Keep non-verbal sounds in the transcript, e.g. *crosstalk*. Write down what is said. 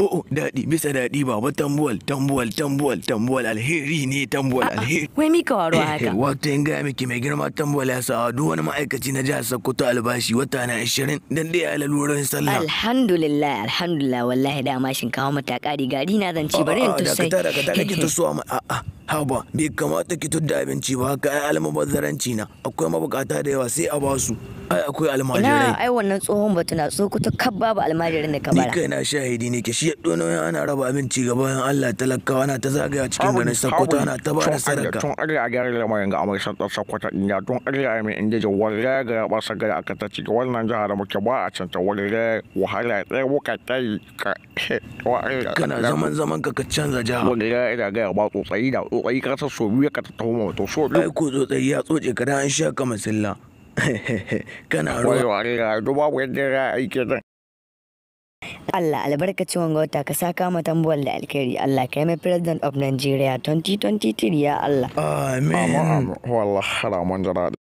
Oh, oh daɗi bisa daɗi baba tambuwal tambuwal tambuwal tambuwal alheri ne tambuwal alheri. Wai mika waro eh, haka. Wata yin gaya miki mai girma tambuwal ya sawa duk wani ma'aikaci na jihar Sokoto albashi wata na ashirin dan dai laluran sallah. Alhamdulillah alhamdulillah wallahi dama shinkawa mata ƙari gari na zan ci bari in tussai. Dakata dakata kake tusuwa *laughs* ma a'a. haba bai kamata ki tudda abinci ba haka ai almubazzaranci na akwai mabukata da yawa sai a ba su ai akwai almajirai ina ai wannan tsohon so ku ta kab babu almajirin da ka bara ni kai na shahidi ne ke shi ya dono ana raba abinci ga bayan Allah talakawa ana ta zagaya cikin ganin sakkwato ana ta ba da sadaka tun arya a gyara lamarin ga amai sakkwato in ya tun arya mai inda ji wallahi ga ba sagara aka ta ci wannan jihar muke ba a canta wallahi wahala tsaye wuka tsayi ka *laughs* kana zaman zaman ka ka canza jiha wallahi ina ga ba tsotsayi da tsotsai ka san so biyu ka taho ma to so biyu ai ko tsotsai ya tsotse ka dan an sha ka masilla *laughs* kana ruwa wai wai duba da ya aike da Allah albarkacin wanga wata ka saka mata tambuwar da alkhairi Allah ka yi mai president of Nigeria 2023 ya Allah. Amin. Wallahi haramun jaraɗi.